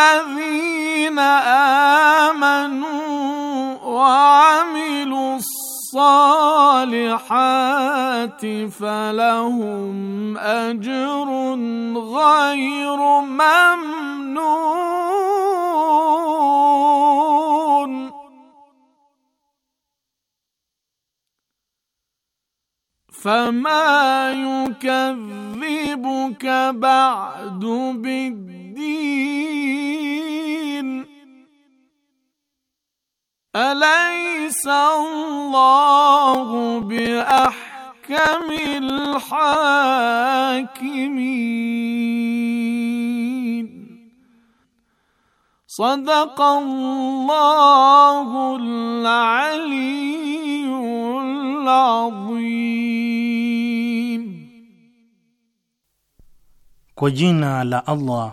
الذين امنوا وعملوا الصالحات فلهم اجر غير ممنون فما يكذبك بعد بالدين الدين اليس الله باحكم الحاكمين صدق الله العلي العظيم Kwa jina la Allah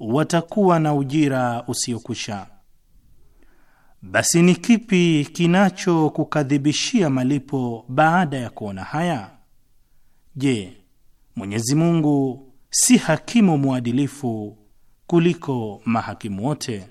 watakuwa na ujira usiokwisha. Basi ni kipi kinachokukadhibishia malipo baada ya kuona haya? Je, Mwenyezi Mungu si hakimu mwadilifu kuliko mahakimu wote?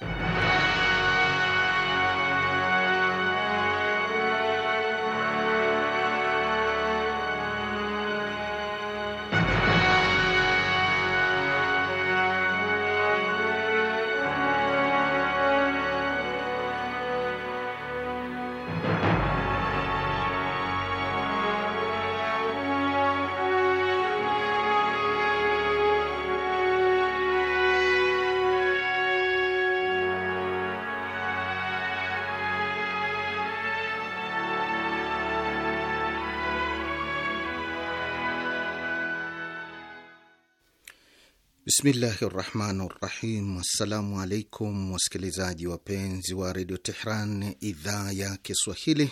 Bismillahi rahmani rahim. Assalamu alaikum wasikilizaji wapenzi wa, wa redio Tehran idhaa ya Kiswahili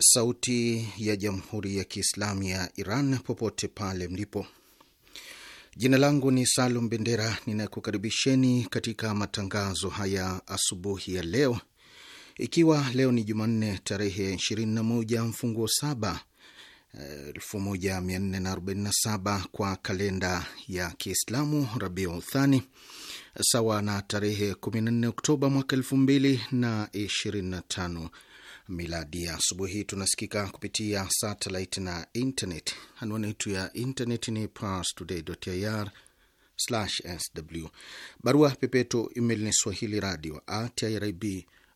sauti ya jamhuri ya Kiislamu ya Iran popote pale mlipo. Jina langu ni Salum Bendera ninakukaribisheni katika matangazo haya asubuhi ya leo, ikiwa leo ni Jumanne tarehe 21 mfunguo saba 1447 kwa kalenda ya Kiislamu Rabiu Thani, sawa na tarehe 14 Oktoba mwaka 2025 miladi. Ya asubuhi tunasikika kupitia satelit na internet. Anwani yetu ya internet ni parstoday.ir sw, barua pepeto email ni swahili radio at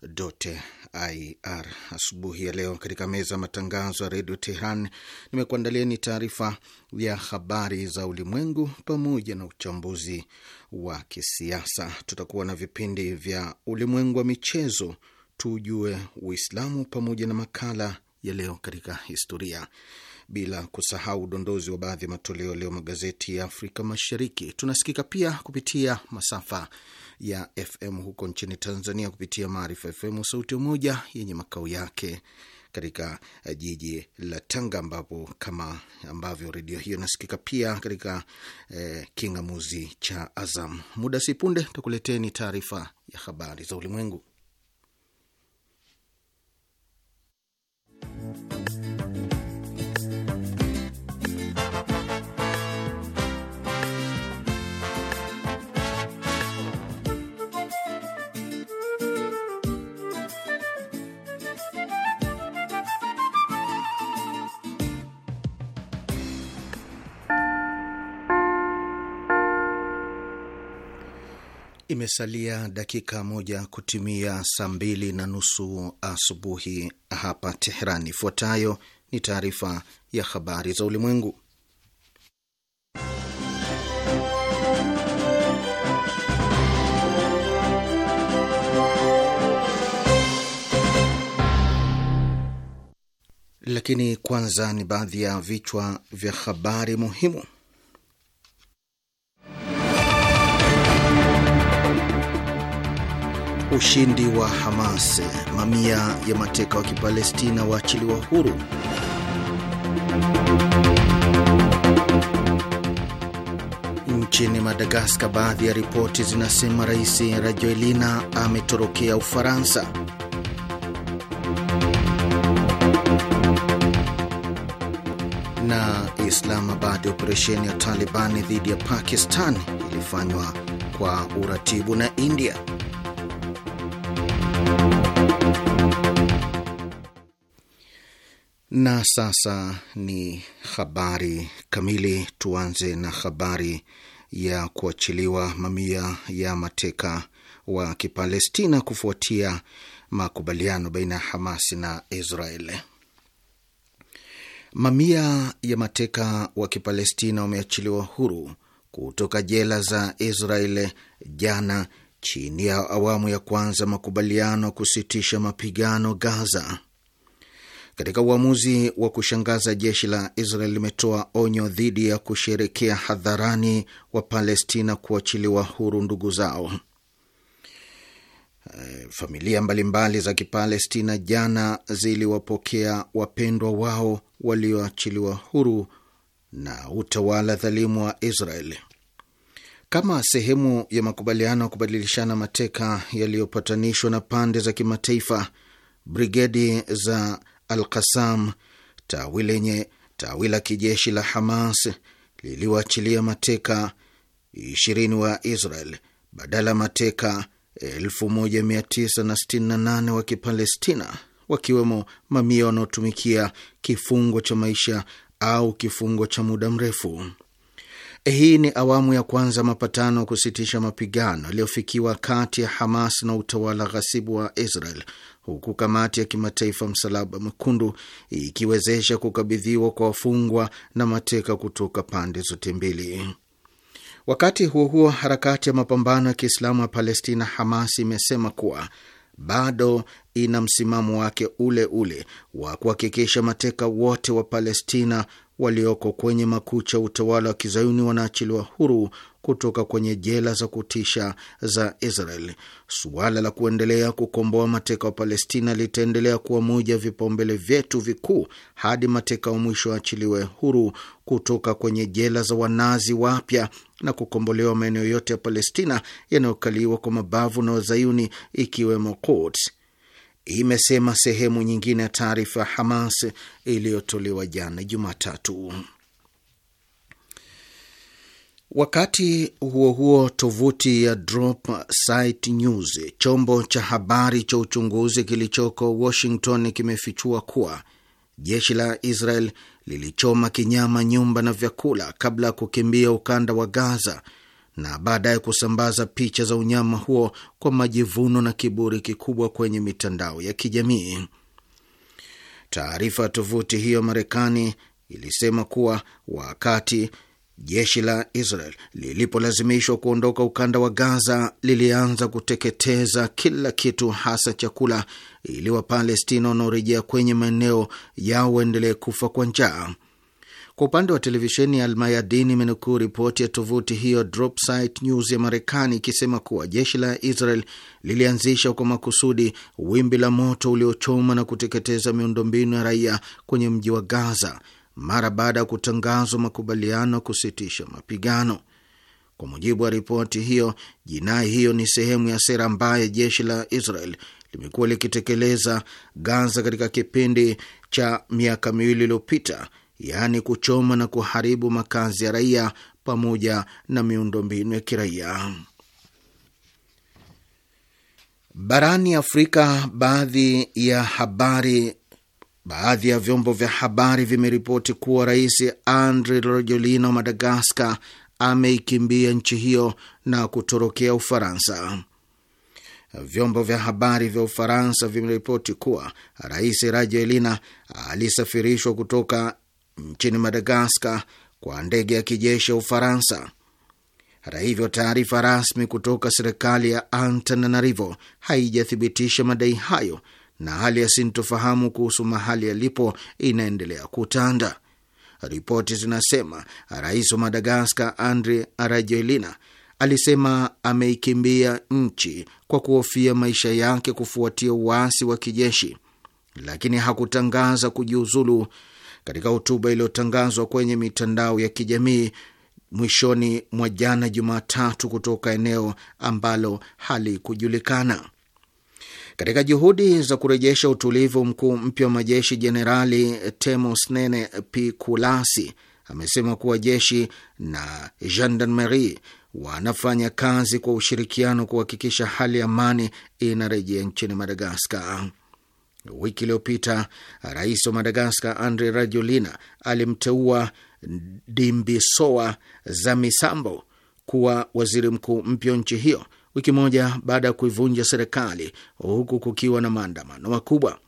ir asubuhi ya leo katika meza ya matangazo ya redio Tehran nimekuandalieni taarifa ya habari za ulimwengu pamoja na uchambuzi wa kisiasa. Tutakuwa na vipindi vya ulimwengu wa michezo, tujue Uislamu, pamoja na makala ya leo katika historia, bila kusahau udondozi wa baadhi ya matoleo leo magazeti ya Afrika Mashariki. Tunasikika pia kupitia masafa ya FM huko nchini Tanzania kupitia Maarifa FM Sauti Umoja yenye makao yake katika eh, jiji la Tanga, ambapo kama ambavyo redio hiyo inasikika pia katika eh, kingamuzi cha Azam. Muda si punde tukuleteni taarifa ya habari za ulimwengu. Imesalia dakika moja kutimia saa mbili na nusu asubuhi hapa Teheran. Ifuatayo ni taarifa ya habari za ulimwengu, lakini kwanza ni baadhi ya vichwa vya habari muhimu. Ushindi wa Hamas, mamia ya mateka wa Kipalestina waachiliwa huru. Nchini Madagaskar, baadhi ya ripoti zinasema Rais Rajoelina ametorokea Ufaransa. Na Islamabad, operesheni ya Talibani dhidi ya Pakistan ilifanywa kwa uratibu na India. Na sasa ni habari kamili. Tuanze na habari ya kuachiliwa mamia ya mateka wa Kipalestina kufuatia makubaliano baina ya Hamas na Israel. Mamia ya mateka wa Kipalestina wameachiliwa huru kutoka jela za Israel jana chini ya awamu ya kwanza makubaliano kusitisha mapigano Gaza. Katika uamuzi wa kushangaza jeshi la Israel limetoa onyo dhidi ya kusherekea hadharani wa Palestina kuachiliwa huru ndugu zao. Eh, familia mbalimbali za Kipalestina jana ziliwapokea wapendwa wao walioachiliwa huru na utawala dhalimu wa Israel kama sehemu ya makubaliano ya kubadilishana mateka yaliyopatanishwa na pande za kimataifa. Brigedi za Al Qasam, tawi lenye tawi la kijeshi la Hamas liliwaachilia mateka 20 wa Israel badala mateka 1968 wa Kipalestina, wakiwemo mamia wanaotumikia kifungo cha maisha au kifungo cha muda mrefu. Hii ni awamu ya kwanza mapatano ya kusitisha mapigano yaliyofikiwa kati ya Hamas na utawala ghasibu wa Israel huku kamati ya kimataifa Msalaba Mwekundu ikiwezesha kukabidhiwa kwa wafungwa na mateka kutoka pande zote mbili. Wakati huo huo, harakati ya mapambano ya Kiislamu ya Palestina Hamas imesema kuwa bado ina msimamo wake ule ule wa kuhakikisha mateka wote wa Palestina walioko kwenye makucha utawala wa kizayuni wanaachiliwa huru kutoka kwenye jela za kutisha za Israel. Suala la kuendelea kukomboa mateka wa Palestina litaendelea kuwa moja ya vipaumbele vyetu vikuu hadi mateka wa mwisho waachiliwe huru kutoka kwenye jela za wanazi wapya na kukombolewa maeneo yote ya Palestina yanayokaliwa kwa mabavu na Wazayuni, ikiwemo Quds, imesema sehemu nyingine ya taarifa ya Hamas iliyotolewa jana Jumatatu. Wakati huo huo, tovuti ya Drop Site News, chombo cha habari cha uchunguzi kilichoko Washington, kimefichua kuwa jeshi la Israel lilichoma kinyama nyumba na vyakula kabla ya kukimbia ukanda wa Gaza na baadaye kusambaza picha za unyama huo kwa majivuno na kiburi kikubwa kwenye mitandao ya kijamii. Taarifa ya tovuti hiyo Marekani ilisema kuwa wakati Jeshi la Israel lilipolazimishwa kuondoka ukanda wa Gaza lilianza kuteketeza kila kitu, hasa chakula, ili Wapalestina wanaorejea kwenye maeneo yao waendelee kufa kwa njaa. Kwa upande wa televisheni ya Almayadin imenukuu ripoti ya tovuti hiyo Dropsite News ya Marekani ikisema kuwa jeshi la Israel lilianzisha kwa makusudi wimbi la moto uliochoma na kuteketeza miundombinu ya raia kwenye mji wa Gaza mara baada ya kutangazwa makubaliano kusitisha mapigano. Kwa mujibu wa ripoti hiyo, jinai hiyo ni sehemu ya sera ambayo jeshi la Israel limekuwa likitekeleza Gaza katika kipindi cha miaka miwili iliyopita, yaani kuchoma na kuharibu makazi ya raia pamoja na miundombinu ya kiraia. Barani Afrika, baadhi ya habari Baadhi ya vyombo vya habari vimeripoti kuwa rais andre rajolino wa Madagaskar ameikimbia nchi hiyo na kutorokea Ufaransa. Vyombo vya habari vya Ufaransa vimeripoti kuwa rais Rajoelina alisafirishwa kutoka nchini Madagaskar kwa ndege ya kijeshi ya Ufaransa. Hata hivyo, taarifa rasmi kutoka serikali ya Antananarivo haijathibitisha madai hayo na hali ya sintofahamu kuhusu mahali yalipo inaendelea kutanda. Ripoti zinasema rais wa Madagaskar Andre Rajoelina alisema ameikimbia nchi kwa kuhofia maisha yake kufuatia uasi wa kijeshi, lakini hakutangaza kujiuzulu. Katika hotuba iliyotangazwa kwenye mitandao ya kijamii mwishoni mwa jana Jumatatu kutoka eneo ambalo halikujulikana katika juhudi za kurejesha utulivu, mkuu mpya wa majeshi Jenerali Temosnene Pikulasi amesema kuwa jeshi na gendarmerie wanafanya kazi kwa ushirikiano kuhakikisha hali ya amani inarejea nchini Madagaskar. Wiki iliyopita rais wa Madagaskar Andre rajolina alimteua Dimbisoa Zamisambo kuwa waziri mkuu mpya wa nchi hiyo wiki moja baada ya kuivunja serikali huku kukiwa na maandamano makubwa.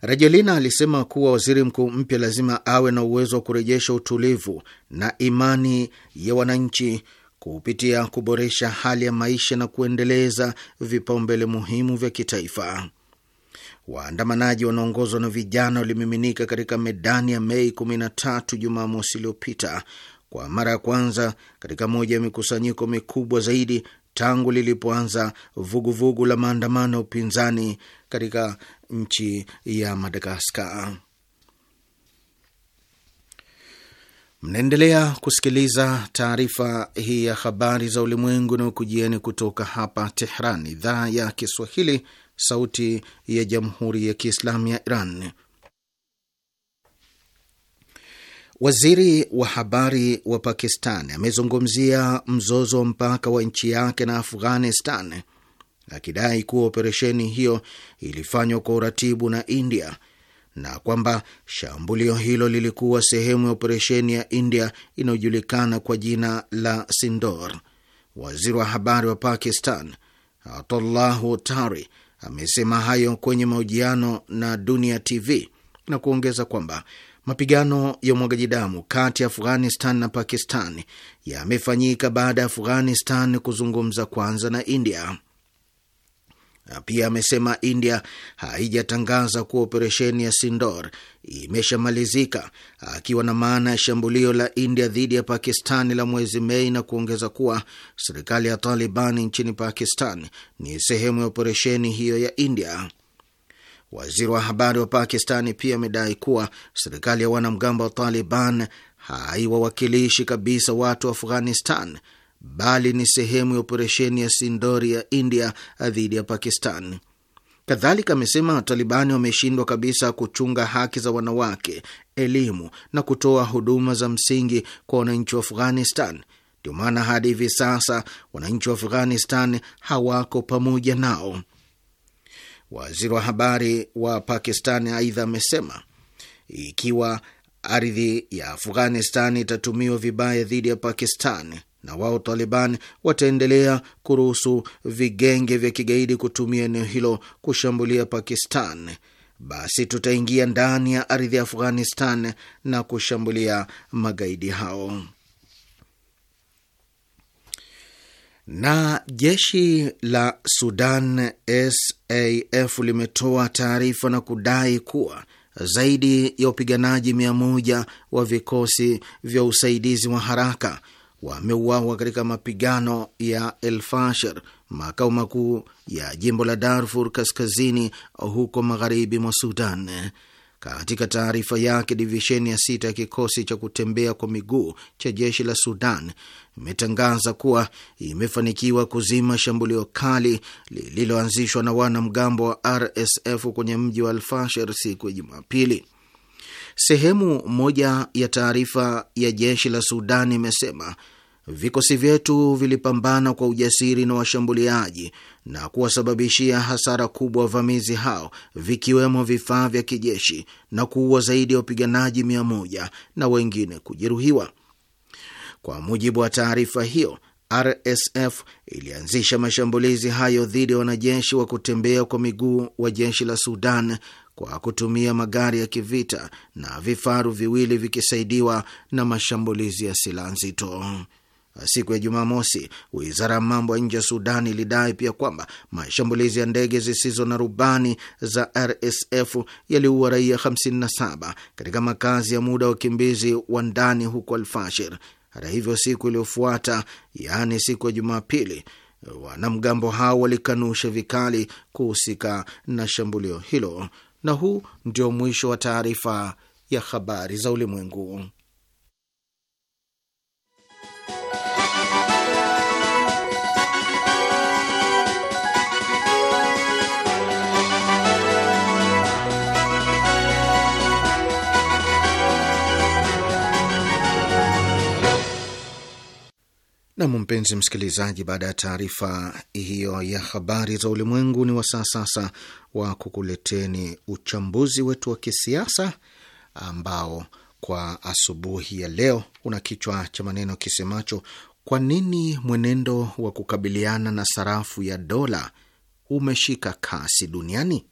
Rajelina alisema kuwa waziri mkuu mpya lazima awe na uwezo wa kurejesha utulivu na imani ya wananchi kupitia kuboresha hali ya maisha na kuendeleza vipaumbele muhimu vya kitaifa. Waandamanaji wanaongozwa na vijana walimiminika katika medani ya Mei 13 Jumamosi iliyopita kwa mara ya kwanza katika moja ya mikusanyiko mikubwa zaidi tangu lilipoanza vuguvugu la maandamano ya upinzani katika nchi ya Madagaskar. Mnaendelea kusikiliza taarifa hii ya habari za ulimwengu na ukujieni kutoka hapa Tehran, idhaa ya Kiswahili, sauti ya jamhuri ya kiislamu ya Iran. Waziri wa habari wa Pakistan amezungumzia mzozo wa mpaka wa nchi yake na Afghanistan akidai kuwa operesheni hiyo ilifanywa kwa uratibu na India na kwamba shambulio hilo lilikuwa sehemu ya operesheni ya India inayojulikana kwa jina la Sindor. Waziri wa habari wa Pakistan Atullahu Tari amesema hayo kwenye mahojiano na Dunia TV na kuongeza kwamba Mapigano ya umwagaji damu kati ya Afghanistan na Pakistan yamefanyika baada ya Afghanistan kuzungumza kwanza na India. Pia amesema India haijatangaza kuwa operesheni ya Sindor imeshamalizika, akiwa na maana ya shambulio la India dhidi ya Pakistani la mwezi Mei, na kuongeza kuwa serikali ya Taliban nchini Pakistan ni sehemu ya operesheni hiyo ya India. Waziri wa habari wa Pakistani pia amedai kuwa serikali ya wanamgambo wa Taliban haiwawakilishi kabisa watu wa Afghanistan bali ni sehemu ya operesheni ya Sindori ya India dhidi ya Pakistan. Kadhalika amesema Talibani wameshindwa kabisa kuchunga haki za wanawake, elimu na kutoa huduma za msingi kwa wananchi wa Afghanistan. Ndio maana hadi hivi sasa wananchi wa Afghanistan hawako pamoja nao. Waziri wa habari wa Pakistani aidha amesema ikiwa ardhi ya Afghanistan itatumiwa vibaya dhidi ya Pakistan na wao Taliban wataendelea kuruhusu vigenge vya kigaidi kutumia eneo hilo kushambulia Pakistan, basi tutaingia ndani ya ardhi ya Afghanistan na kushambulia magaidi hao. Na jeshi la Sudan SAF limetoa taarifa na kudai kuwa zaidi ya wapiganaji mia moja wa vikosi vya usaidizi wa haraka wameuawa katika mapigano ya El Fasher, makao makuu ya jimbo la Darfur Kaskazini, huko magharibi mwa Sudan. Katika taarifa yake, divisheni ya sita ya kikosi cha kutembea kwa miguu cha jeshi la Sudan imetangaza kuwa imefanikiwa kuzima shambulio kali lililoanzishwa na wanamgambo wa RSF kwenye mji wa alfasher siku ya Jumapili. Sehemu moja ya taarifa ya jeshi la Sudan imesema Vikosi vyetu vilipambana kwa ujasiri na washambuliaji na kuwasababishia hasara kubwa wavamizi hao, vikiwemo vifaa vya kijeshi na kuua zaidi ya wapiganaji mia moja na wengine kujeruhiwa. Kwa mujibu wa taarifa hiyo, RSF ilianzisha mashambulizi hayo dhidi ya wanajeshi wa kutembea kwa miguu wa jeshi la Sudan kwa kutumia magari ya kivita na vifaru viwili vikisaidiwa na mashambulizi ya silaha nzito. Siku ya Jumamosi, wizara ya mambo ya nje ya Sudan ilidai pia kwamba mashambulizi ya ndege zisizo na rubani za RSF yaliua raia 57 katika makazi ya muda wa wakimbizi wa ndani huko Alfashir. Hata hivyo, siku iliyofuata, yaani siku ya Jumapili, wanamgambo hao walikanusha vikali kuhusika na shambulio hilo. Na huu ndio mwisho wa taarifa ya habari za ulimwengu. Nam, mpenzi msikilizaji, baada ya taarifa hiyo ya habari za ulimwengu, ni wasaa sasa wa kukuleteni uchambuzi wetu wa kisiasa ambao kwa asubuhi ya leo una kichwa cha maneno kisemacho kwa nini mwenendo wa kukabiliana na sarafu ya dola umeshika kasi duniani?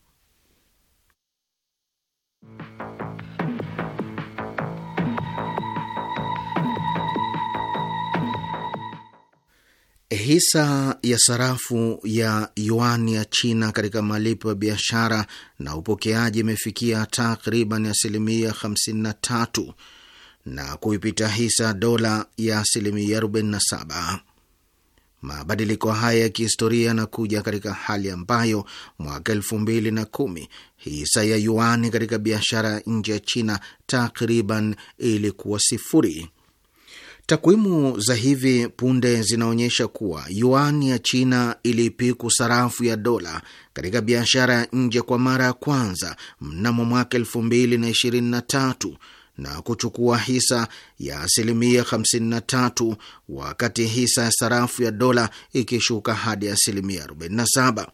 Hisa ya sarafu ya yuan ya China katika malipo ya biashara na upokeaji imefikia takriban asilimia 53 na kuipita hisa dola ya asilimia 47. Mabadiliko haya ya kihistoria yanakuja katika hali ambayo mwaka elfu mbili na kumi hisa ya yuani katika biashara ya nje ya China takriban ilikuwa sifuri. Takwimu za hivi punde zinaonyesha kuwa yuan ya China iliipiku sarafu ya dola katika biashara ya nje kwa mara ya kwanza mnamo mwaka 2023 na kuchukua hisa ya asilimia 53 wakati hisa ya sarafu ya dola ikishuka hadi asilimia 47.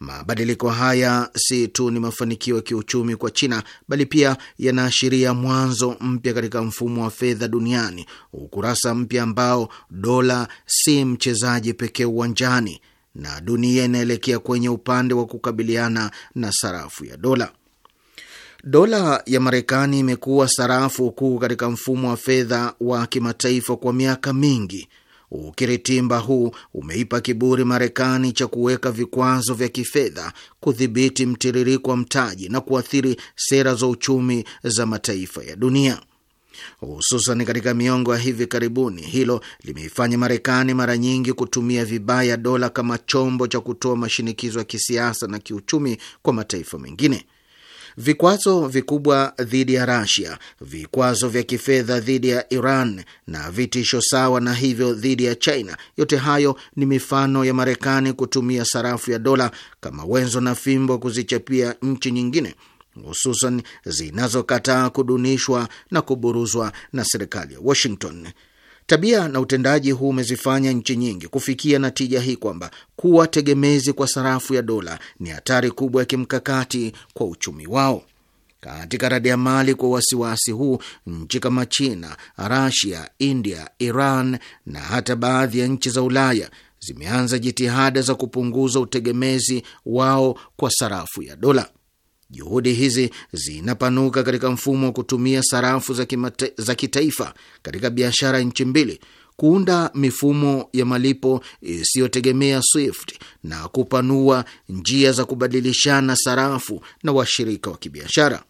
Mabadiliko haya si tu ni mafanikio ya kiuchumi kwa China, bali pia yanaashiria mwanzo mpya katika mfumo wa fedha duniani, ukurasa mpya ambao dola si mchezaji pekee uwanjani na dunia inaelekea kwenye upande wa kukabiliana na sarafu ya dola. Dola ya Marekani imekuwa sarafu kuu katika mfumo wa fedha wa kimataifa kwa miaka mingi Ukiritimba huu umeipa kiburi Marekani cha kuweka vikwazo vya kifedha, kudhibiti mtiririko wa mtaji na kuathiri sera za uchumi za mataifa ya dunia hususan katika miongo ya hivi karibuni. Hilo limeifanya Marekani mara nyingi kutumia vibaya dola kama chombo cha kutoa mashinikizo ya kisiasa na kiuchumi kwa mataifa mengine vikwazo vikubwa dhidi ya Rasia, vikwazo vya kifedha dhidi ya Iran na vitisho sawa na hivyo dhidi ya China. Yote hayo ni mifano ya Marekani kutumia sarafu ya dola kama wenzo na fimbo kuzichapia nchi nyingine hususan zinazokataa kudunishwa na kuburuzwa na serikali ya Washington. Tabia na utendaji huu umezifanya nchi nyingi kufikia natija hii kwamba kuwa tegemezi kwa sarafu ya dola ni hatari kubwa ya kimkakati kwa uchumi wao. Katika radi mali kwa wasiwasi huu, nchi kama China, Rasia, India, Iran na hata baadhi ya nchi za Ulaya zimeanza jitihada za kupunguza utegemezi wao kwa sarafu ya dola. Juhudi hizi zinapanuka katika mfumo wa kutumia sarafu za, za kitaifa katika biashara nchi mbili, kuunda mifumo ya malipo isiyotegemea SWIFT na kupanua njia za kubadilishana sarafu na washirika wa kibiashara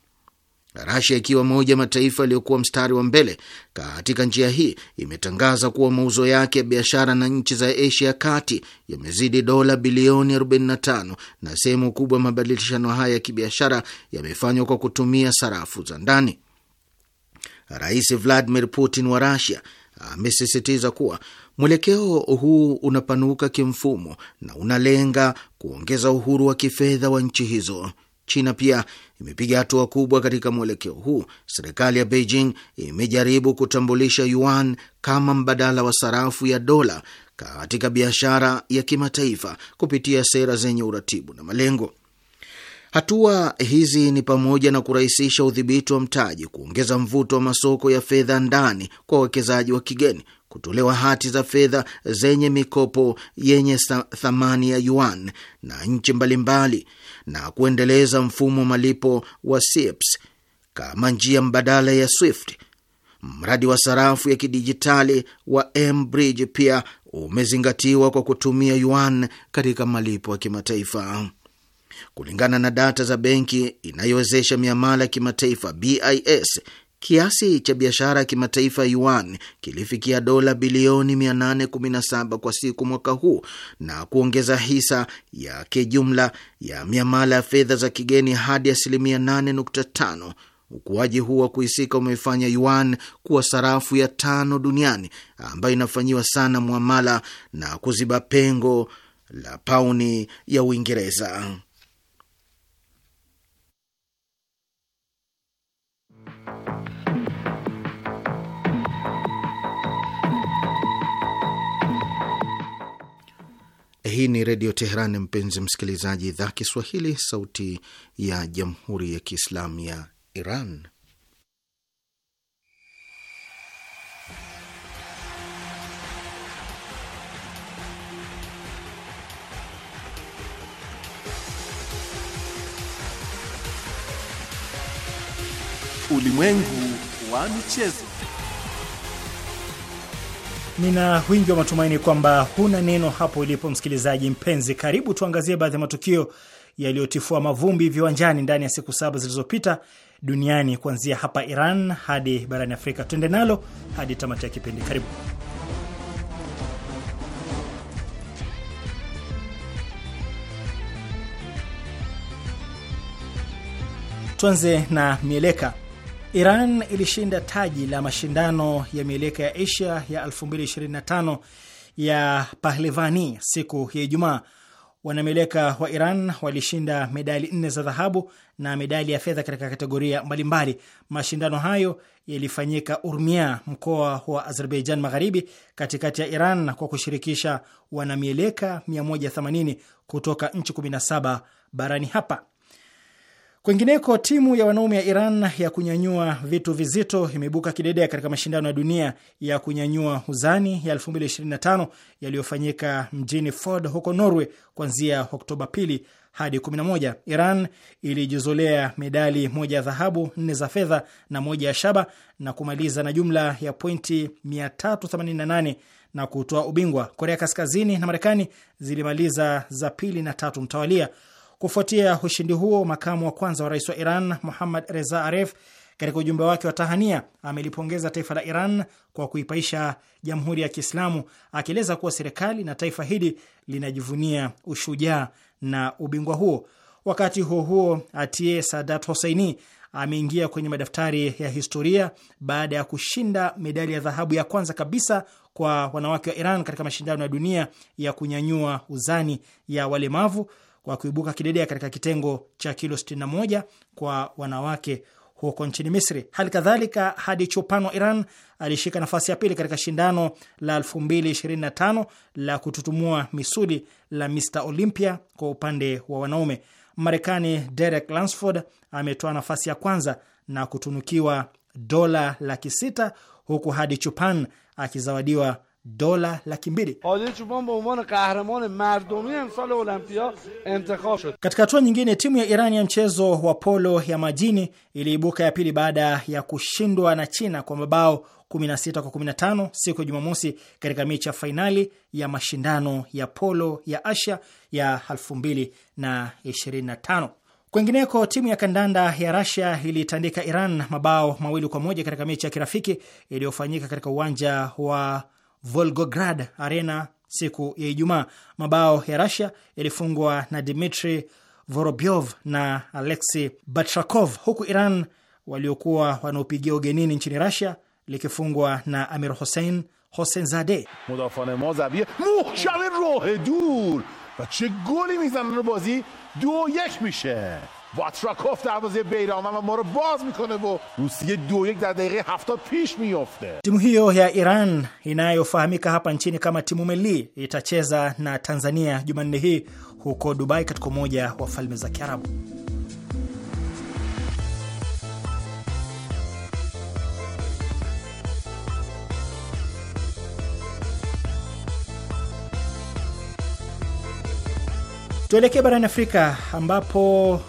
na Rasia ikiwa moja ya mataifa yaliyokuwa mstari wa mbele katika njia hii imetangaza kuwa mauzo yake ya biashara na nchi za Asia ya kati yamezidi dola bilioni 45 na sehemu kubwa ya mabadilishano haya ya kibiashara yamefanywa kwa kutumia sarafu za ndani. Rais Vladimir Putin wa Rasia amesisitiza kuwa mwelekeo huu unapanuka kimfumo na unalenga kuongeza uhuru wa kifedha wa nchi hizo. China pia imepiga hatua kubwa katika mwelekeo huu. Serikali ya Beijing imejaribu kutambulisha yuan kama mbadala wa sarafu ya dola katika biashara ya kimataifa kupitia sera zenye uratibu na malengo. Hatua hizi ni pamoja na kurahisisha udhibiti wa mtaji, kuongeza mvuto wa masoko ya fedha ndani kwa wawekezaji wa kigeni, kutolewa hati za fedha zenye mikopo yenye thamani ya yuan na nchi mbalimbali na kuendeleza mfumo wa malipo wa SIPS kama njia mbadala ya SWIFT. Mradi wa sarafu ya kidijitali wa mBridge pia umezingatiwa kwa kutumia yuan katika malipo ya kimataifa. Kulingana na data za benki inayowezesha miamala ya kimataifa BIS, Kiasi cha biashara ya kimataifa yuan kilifikia dola bilioni 817 kwa siku mwaka huu na kuongeza hisa yake jumla ya miamala ya fedha za kigeni hadi asilimia 8.5. Ukuaji huu wa kuhisika umeifanya yuan kuwa sarafu ya tano duniani ambayo inafanyiwa sana mwamala na kuziba pengo la pauni ya Uingereza. Hii ni Redio Teheran, mpenzi msikilizaji, idhaa Kiswahili, sauti ya jamhuri ya kiislamu ya Iran. Ulimwengu wa michezo. Nina wingi wa matumaini kwamba huna neno hapo ulipo, msikilizaji mpenzi. Karibu tuangazie baadhi ya matukio yaliyotifua mavumbi viwanjani ndani ya siku saba zilizopita duniani, kuanzia hapa Iran hadi barani Afrika. Tuende nalo hadi tamati ya kipindi. Karibu. Tuanze na mieleka. Iran ilishinda taji la mashindano ya mieleka ya Asia ya 2025 ya Pahlevani siku ya Ijumaa. Wanamieleka wa Iran walishinda medali nne za dhahabu na medali ya fedha katika kategoria mbalimbali. Mashindano hayo yalifanyika Urmia, mkoa wa Azerbaijan Magharibi, katikati ya Iran, kwa kushirikisha wanamieleka 180 kutoka nchi 17 barani hapa. Kwingineko, timu ya wanaume ya Iran ya kunyanyua vitu vizito imeibuka kidedea katika mashindano ya dunia ya kunyanyua uzani ya 2025 yaliyofanyika mjini Ford huko Norway kuanzia Oktoba 2 hadi 11. Iran ilijizolea medali moja ya dhahabu, nne za fedha na moja ya shaba na kumaliza na jumla ya pointi 388 na kutoa ubingwa. Korea Kaskazini na Marekani zilimaliza za pili na tatu mtawalia. Kufuatia ushindi huo, makamu wa kwanza wa rais wa Iran Muhammad Reza Aref katika ujumbe wake wa tahania amelipongeza taifa la Iran kwa kuipaisha jamhuri ya Kiislamu, akieleza kuwa serikali na taifa hili linajivunia ushujaa na ubingwa huo. Wakati huo huo, Atie Sadat Hoseini ameingia kwenye madaftari ya historia baada ya kushinda medali ya dhahabu ya kwanza kabisa kwa wanawake wa Iran katika mashindano ya dunia ya kunyanyua uzani ya walemavu kwa kuibuka kidedea katika kitengo cha kilo 61 kwa wanawake huko nchini Misri. Hali kadhalika Hadi Chupan wa Iran alishika nafasi ya pili katika shindano la 2025 la kututumua misuli la Mr Olympia kwa upande wa wanaume. Marekani Derek Lansford ametoa nafasi ya kwanza na kutunukiwa dola laki sita huku Hadi Chupan akizawadiwa dola laki mbili. Katika hatua nyingine, timu ya Iran ya mchezo wa polo ya majini iliibuka ya pili baada ya kushindwa na China kwa mabao 16 kwa 15 siku ya Jumamosi katika mechi ya fainali ya mashindano ya polo ya Asia ya 2025. Kwengineko, timu ya kandanda ya Rasia ilitandika Iran mabao mawili kwa moja katika mechi ya kirafiki iliyofanyika katika uwanja wa Volgograd Arena siku ya Ijumaa. Mabao ya Rasia yalifungwa na Dmitri Vorobyov na Alexi Batrakov, huku Iran waliokuwa wanaopigia ugenini nchini Rasia likifungwa na Amir Hossein Hossein Zade. mudafane ma zabie muhkame rohe dur va che goli mizanan bazi du yak mishe واتراکوف دروازه بیرانوند و ما رو باز میکنه و روسیه دو یک در دقیقه هفتاد پیش میفته timu hiyo ya Iran inayofahamika hapa nchini kama timu Melli itacheza na Tanzania Jumanne hii huko Dubai katika Umoja wa Falme za Kiarabu. Tuelekee barani Afrika ambapo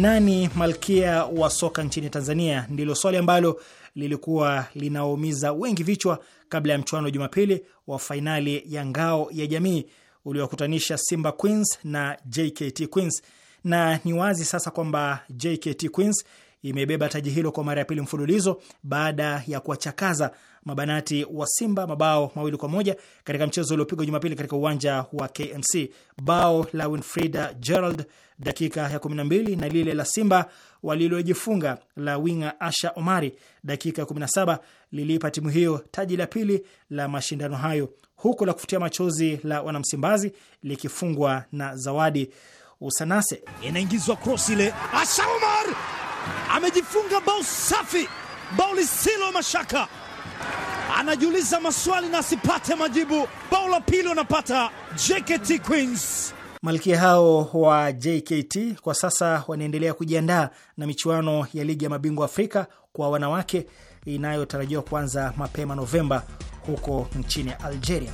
nani malkia wa soka nchini Tanzania? Ndilo swali ambalo lilikuwa linawaumiza wengi vichwa kabla ya mchuano Jumapili wa fainali ya ngao ya jamii uliokutanisha Simba Queens na JKT Queens, na ni wazi sasa kwamba JKT Queens imebeba taji hilo kwa mara ya pili mfululizo baada ya kuwachakaza mabanati wa Simba mabao mawili kwa moja katika mchezo uliopigwa Jumapili katika uwanja wa KMC. Bao la Winfrida Gerald dakika ya 12 na lile la Simba walilojifunga la winga Asha Omari dakika ya 17 liliipa timu hiyo taji la pili la mashindano hayo, huku la kufutia machozi la wanamsimbazi likifungwa na Zawadi Usanase. Inaingizwa cross ile Asha Omar amejifunga bao safi, bao lisilo mashaka. Anajiuliza maswali na asipate majibu. Bao la pili wanapata JKT Queens. Malkia hao wa JKT kwa sasa wanaendelea kujiandaa na michuano ya ligi ya mabingwa Afrika kwa wanawake inayotarajiwa kuanza mapema Novemba huko nchini Algeria.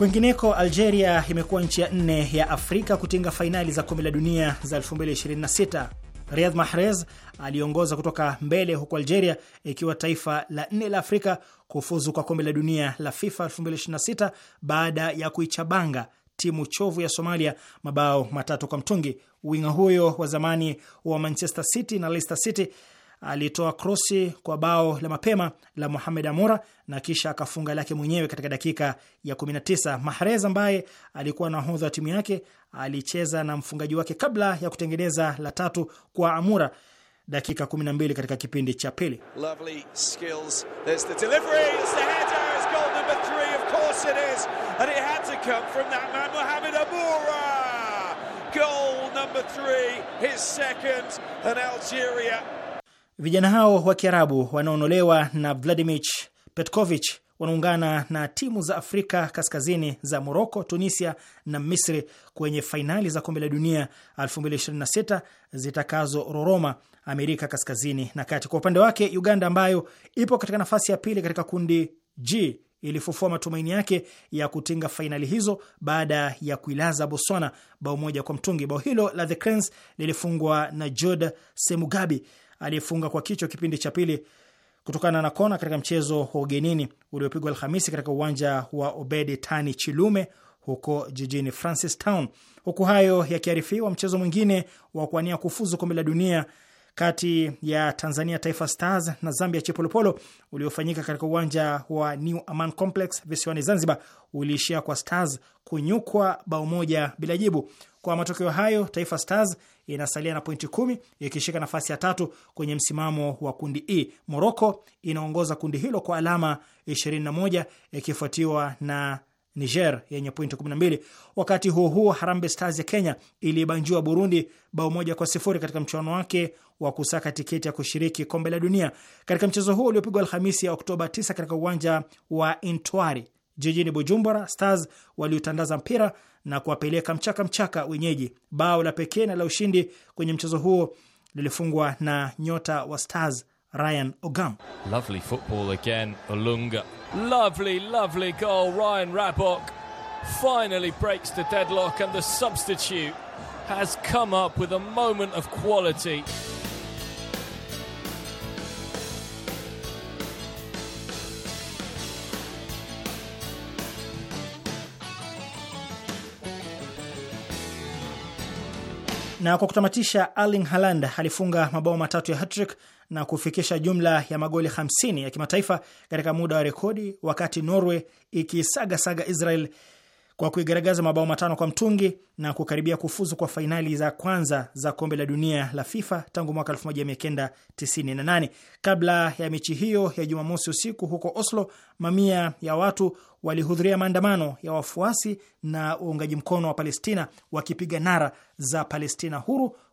Kwingineko, Algeria imekuwa nchi ya nne ya Afrika kutinga fainali za kombe la dunia za 2026. Riyad Mahrez aliongoza kutoka mbele, huku Algeria ikiwa taifa la nne la Afrika kufuzu kwa kombe la dunia la FIFA 2026 baada ya kuichabanga timu chovu ya Somalia mabao matatu kwa mtungi. Winga huyo wa zamani wa Manchester City na Leicester City alitoa krosi kwa bao la mapema la Mohamed Amora na kisha akafunga lake mwenyewe katika dakika ya 19. Mahrez ambaye alikuwa nahodha wa timu yake alicheza na mfungaji wake kabla ya kutengeneza la tatu kwa Amura dakika 12 katika kipindi cha pili. Goal number three, his second, and Algeria Vijana hao wa Kiarabu wanaonolewa na Vladimir petkovich wanaungana na timu za Afrika Kaskazini za Moroko, Tunisia na Misri kwenye fainali za kombe la dunia 2026 roroma Amerika Kaskazini na Kati. Kwa upande wake, Uganda ambayo ipo katika nafasi ya pili katika kundi G ilifufua matumaini yake ya kutinga fainali hizo baada ya kuilaza Botswana bao moja kwa mtungi. Bao hilo la The Cranes lilifungwa na Jude Semugabi aliyefunga kwa kichwa kipindi cha pili kutokana na kona katika mchezo wa ugenini uliopigwa Alhamisi katika uwanja wa Obedi Tani Chilume huko jijini Francistown. Huku hayo yakiarifiwa, mchezo mwingine wa kuania kufuzu kombe la dunia kati ya Tanzania Taifa Stars na Zambia Chipolopolo uliofanyika katika uwanja wa New Aman Complex visiwani Zanzibar uliishia kwa Stars kunyukwa bao moja bila jibu. Kwa matokeo hayo, Taifa Stars inasalia na pointi kumi ikishika nafasi ya tatu kwenye msimamo wa kundi E. Moroko inaongoza kundi hilo kwa alama 21 ikifuatiwa na Niger yenye pointi 12. Wakati huo huo, Harambee Stars ya Kenya iliibanjiwa Burundi bao moja kwa sifuri katika mchuano wake wa kusaka tiketi ya kushiriki kombe la dunia. Katika mchezo huo uliopigwa Alhamisi ya Oktoba 9 katika uwanja wa Intwari jijini Bujumbura, Stars waliotandaza mpira na kuwapeleka mchaka mchaka wenyeji. Bao la pekee na la ushindi kwenye mchezo huo lilifungwa na nyota wa Stars Ryan Ogam. Lovely football again, Olunga. Lovely, lovely goal, Ryan Rabok finally breaks the deadlock and the substitute has come up with a moment of quality. Na kwa kutamatisha, Erling Haaland alifunga mabao matatu ya hattrick na kufikisha jumla ya magoli 50 ya kimataifa katika muda wa rekodi, wakati Norway saga Israel kwa kuigaragaza mabao matano kwa mtungi na kukaribia kufuzu kwa fainali za kwanza za kombe la dunia la FIFA tangu mwaka 1998. Kabla ya mechi hiyo ya Jumamosi usiku huko Oslo, mamia ya watu walihudhuria maandamano ya wafuasi na uungaji mkono wa Palestina wakipiga nara za Palestina huru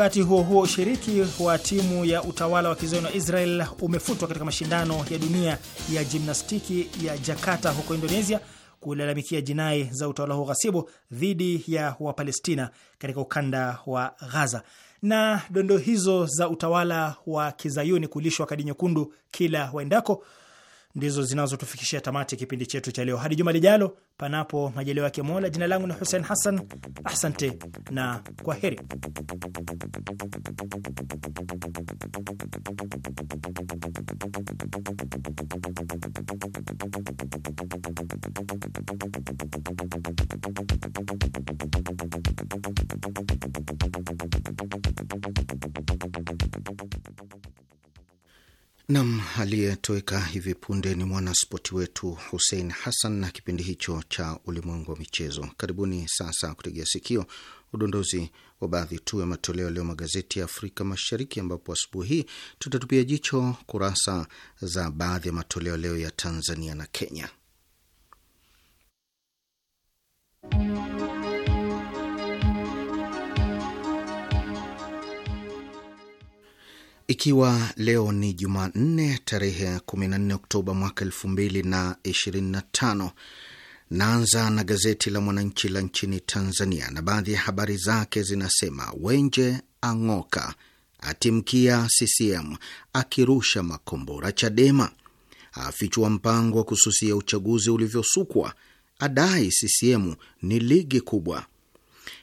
Wakati huo huo, ushiriki wa timu ya utawala wa kizayuni wa Israel umefutwa katika mashindano ya dunia ya jimnastiki ya Jakarta huko Indonesia kulalamikia jinai za utawala huo ghasibu dhidi ya Wapalestina katika ukanda wa Ghaza. Na dondo hizo za utawala wa kizayuni kulishwa kadi nyekundu kila waendako ndizo zinazotufikishia tamati ya kipindi chetu cha leo. Hadi juma lijalo, panapo majaliwa yake Mola. Jina langu ni Hussein Hassan, asante na kwa heri. Nam, aliyetoweka hivi punde ni mwanaspoti wetu Hussein Hassan na kipindi hicho cha ulimwengu wa michezo. Karibuni sasa kutegea sikio udondozi wa baadhi tu ya matoleo leo magazeti ya Afrika Mashariki, ambapo asubuhi hii tutatupia jicho kurasa za baadhi ya matoleo leo ya Tanzania na Kenya. Ikiwa leo ni Jumanne tarehe 14 Oktoba mwaka 2025, naanza na gazeti la Mwananchi la nchini Tanzania, na baadhi ya habari zake zinasema: Wenje ang'oka, atimkia CCM, akirusha makombora Chadema, afichua mpango wa kususia uchaguzi ulivyosukwa, adai CCM ni ligi kubwa.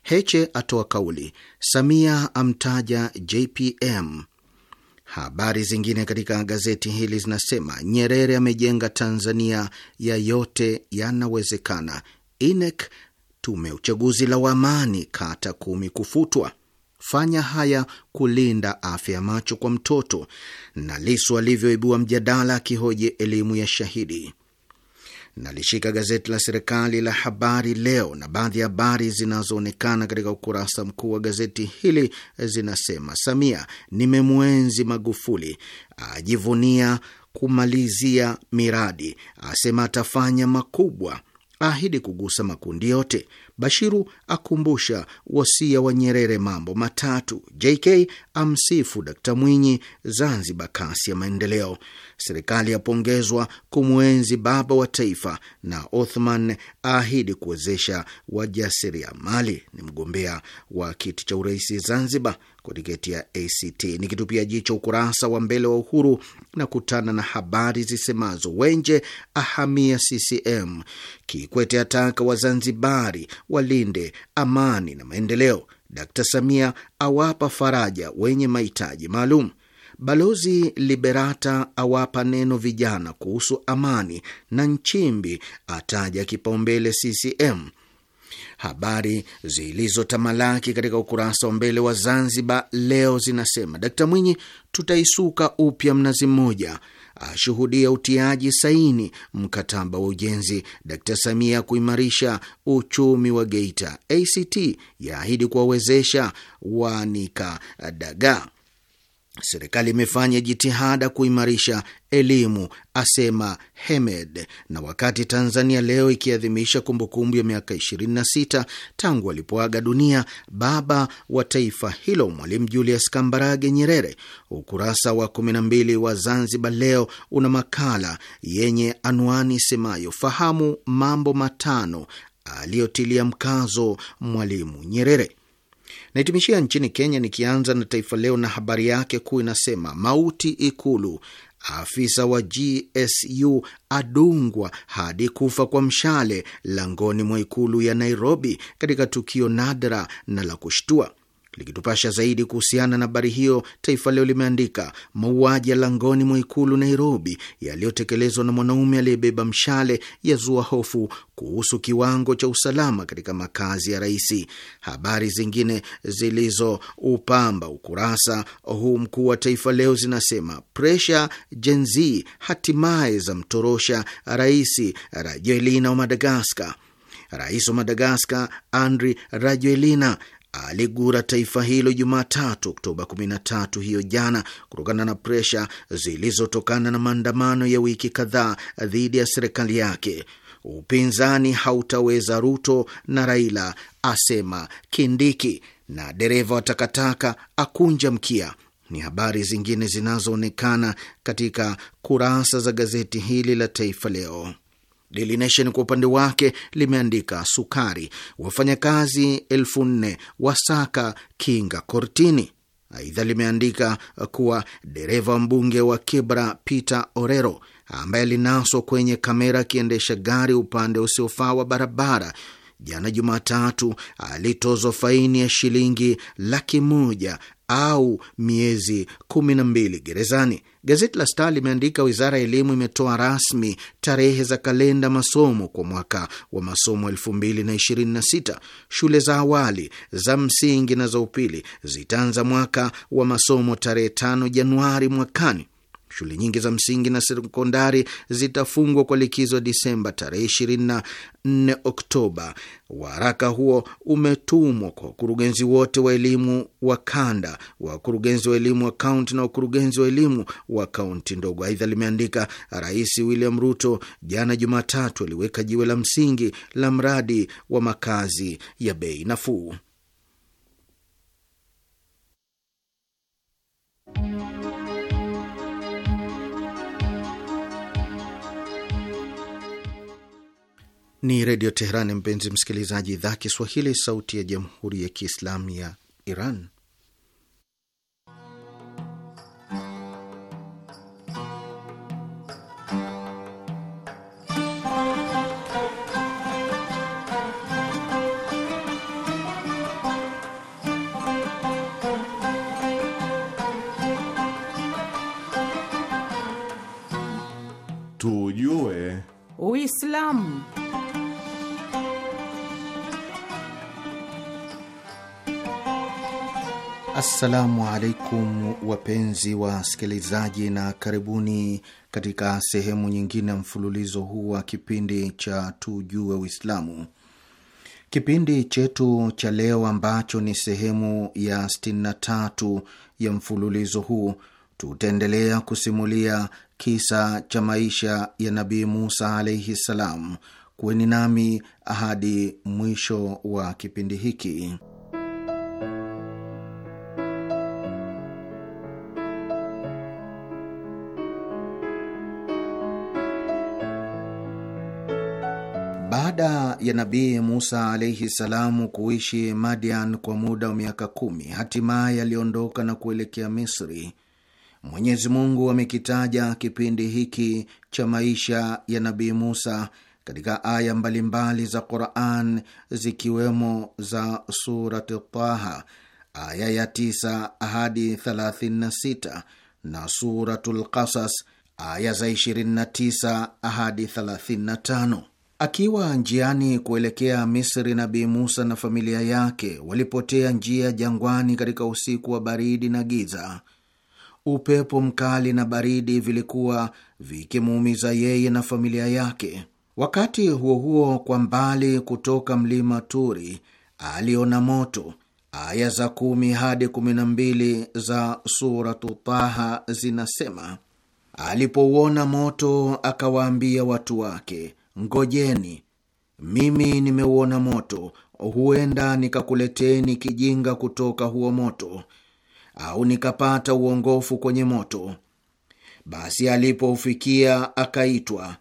Heche atoa kauli, Samia amtaja JPM Habari zingine katika gazeti hili zinasema Nyerere amejenga Tanzania ya yote yanawezekana. INEC tume uchaguzi la wamani kata kumi kufutwa. Fanya haya kulinda afya ya macho kwa mtoto, na Lisu alivyoibua mjadala akihoji elimu ya shahidi nalishika gazeti la serikali la Habari Leo, na baadhi ya habari zinazoonekana katika ukurasa mkuu wa gazeti hili zinasema: Samia nimemwenzi Magufuli, ajivunia kumalizia miradi, asema atafanya makubwa, ahidi kugusa makundi yote Bashiru akumbusha wasia wa Nyerere mambo matatu. JK amsifu Dkt Mwinyi, Zanzibar kasi ya maendeleo. Serikali yapongezwa kumwenzi baba wa taifa, na Othman aahidi kuwezesha wajasiriamali. Ni mgombea wa kiti cha urais Zanzibar kwenye geti ya ACT. Nikitupia jicho ukurasa wa mbele wa Uhuru na kutana na habari zisemazo Wenje ahamia CCM, Kikwete ataka Wazanzibari walinde amani na maendeleo, Dkt Samia awapa faraja wenye mahitaji maalum, Balozi Liberata awapa neno vijana kuhusu amani, na Nchimbi ataja kipaumbele CCM Habari zilizotamalaki katika ukurasa wa mbele wa Zanzibar Leo zinasema Dkt Mwinyi, tutaisuka upya Mnazi Mmoja, ashuhudia utiaji saini mkataba wa ujenzi. Dkt Samia kuimarisha uchumi wa Geita. ACT yaahidi kuwawezesha wanika dagaa Serikali imefanya jitihada kuimarisha elimu, asema Hemed. Na wakati Tanzania leo ikiadhimisha kumbukumbu ya miaka 26 tangu alipoaga dunia baba wa taifa hilo Mwalimu Julius Kambarage Nyerere, ukurasa wa 12 wa Zanzibar Leo una makala yenye anwani semayo fahamu mambo matano aliyotilia mkazo Mwalimu Nyerere. Naitimishia nchini Kenya, nikianza na Taifa Leo na habari yake kuu inasema mauti Ikulu, afisa wa GSU adungwa hadi kufa kwa mshale langoni mwa ikulu ya Nairobi katika tukio nadra na la kushtua. Likitupasha zaidi kuhusiana na habari hiyo, Taifa Leo limeandika mauaji ya langoni mwa ikulu Nairobi yaliyotekelezwa na mwanaume aliyebeba mshale yazua hofu kuhusu kiwango cha usalama katika makazi ya rais. Habari zingine zilizoupamba ukurasa huu mkuu wa Taifa Leo zinasema presha Gen Z hatimaye za mtorosha rais Rajoelina wa Madagaskar. Rais wa Madagaskar Andry Rajoelina aligura taifa hilo Jumatatu Oktoba 13 hiyo jana, kutokana na presha zilizotokana na maandamano ya wiki kadhaa dhidi ya serikali yake. Upinzani hautaweza Ruto na Raila, asema Kindiki, na dereva wa takataka akunja mkia ni habari zingine zinazoonekana katika kurasa za gazeti hili la Taifa Leo. Daily Nation kwa upande wake limeandika sukari, wafanyakazi elfu nne wasaka kinga kortini. Aidha limeandika kuwa dereva mbunge wa Kibra Peter Orero ambaye alinaswa kwenye kamera akiendesha gari upande usiofaa wa barabara jana Jumatatu alitozwa faini ya shilingi laki moja au miezi kumi na mbili gerezani. Gazeti la Star limeandika wizara ya elimu imetoa rasmi tarehe za kalenda masomo kwa mwaka wa masomo sita. Shule za awali za msingi na za upili zitaanza mwaka wa masomo tarehe tano Januari mwakani. Shule nyingi za msingi na sekondari zitafungwa kwa likizo Disemba tarehe 24 Oktoba. Waraka huo umetumwa kwa wakurugenzi wote wa elimu wa kanda, wakurugenzi wa elimu wa kaunti na wakurugenzi wa elimu wa kaunti ndogo. Aidha limeandika, Rais William Ruto jana Jumatatu aliweka jiwe la msingi la mradi wa makazi ya bei nafuu. Ni Redio Teherani, mpenzi msikilizaji, idhaa Kiswahili, sauti ya jamhuri ya kiislamu ya Iran. Tujue Uislamu. Assalamu alaikum wapenzi wa sikilizaji, na karibuni katika sehemu nyingine ya mfululizo huu wa kipindi cha Tujue Uislamu. Kipindi chetu cha leo ambacho ni sehemu ya 63 ya mfululizo huu, tutaendelea kusimulia kisa cha maisha ya Nabii Musa alaihi ssalam. Kuweni nami hadi mwisho wa kipindi hiki. ya Nabii Musa alaihi salamu kuishi Madian kwa muda wa miaka kumi, hatimaye aliondoka na kuelekea Misri. Mwenyezi Mungu amekitaja kipindi hiki cha maisha ya Nabii Musa katika aya mbalimbali za Quran zikiwemo za Surat Taha aya ya 9 hadi 36 na Suratul Qasas aya za 29 hadi 35. Akiwa njiani kuelekea Misri, Nabii Musa na familia yake walipotea njia jangwani katika usiku wa baridi na giza. Upepo mkali na baridi vilikuwa vikimuumiza yeye na familia yake. Wakati huo huo, kwa mbali kutoka mlima Turi aliona moto. Aya za kumi hadi kumi na mbili za Suratu Taha zinasema, alipouona moto akawaambia watu wake ngojeni, mimi nimeuona moto, huenda nikakuleteni kijinga kutoka huo moto, au nikapata uongofu kwenye moto. Basi alipoufikia akaitwa,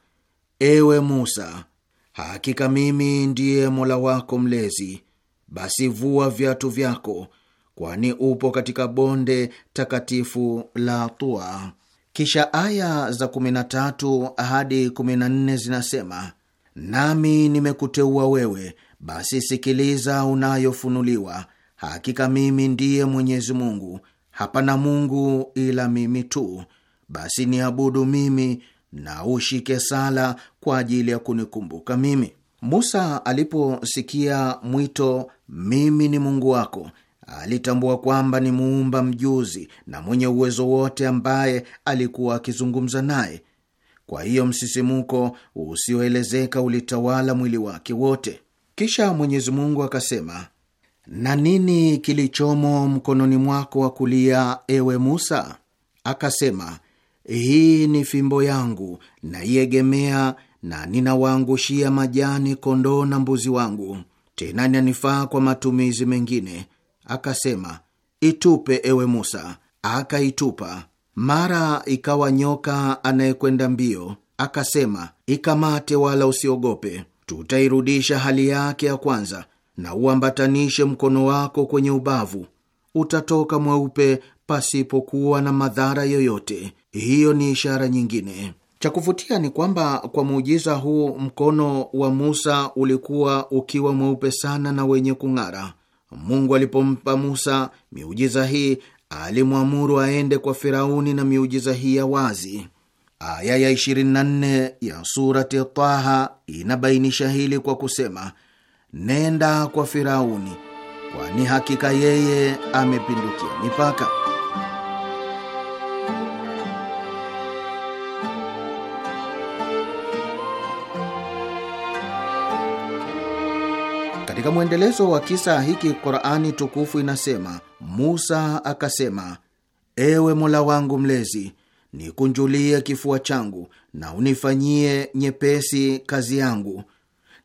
ewe Musa, hakika mimi ndiye Mola wako Mlezi, basi vua viatu vyako, kwani upo katika bonde takatifu la Tua. Kisha aya za 13 hadi 14 zinasema: nami nimekuteua wewe, basi sikiliza unayofunuliwa. Hakika mimi ndiye Mwenyezi Mungu, hapana Mungu ila mimi tu, basi niabudu mimi na ushike sala kwa ajili ya kunikumbuka mimi. Musa aliposikia mwito, mimi ni Mungu wako alitambua kwamba ni muumba mjuzi na mwenye uwezo wote ambaye alikuwa akizungumza naye. Kwa hiyo msisimuko usioelezeka ulitawala mwili wake wote. Kisha Mwenyezi Mungu akasema, na nini kilichomo mkononi mwako wa kulia, ewe Musa? Akasema, hii ni fimbo yangu, naiegemea na ninawaangushia majani kondoo na mbuzi wangu, tena inanifaa kwa matumizi mengine akasema, itupe ewe Musa. Akaitupa. Mara ikawa nyoka anayekwenda mbio, akasema, ikamate, wala usiogope. Tutairudisha hali yake ya kwanza, na uambatanishe mkono wako kwenye ubavu, utatoka mweupe pasipokuwa na madhara yoyote. Hiyo ni ishara nyingine. Cha kuvutia ni kwamba kwa muujiza huu mkono wa Musa ulikuwa ukiwa mweupe sana na wenye kung'ara. Mungu alipompa Musa miujiza hii alimwamuru aende kwa Firauni na miujiza hii ya wazi. Aya ya 24 ya surati Taha inabainisha hili kwa kusema, nenda kwa Firauni, kwani hakika yeye amepindukia mipaka. Katika mwendelezo wa kisa hiki, Qurani tukufu inasema, Musa akasema, ewe Mola wangu mlezi, nikunjulie kifua changu na unifanyie nyepesi kazi yangu,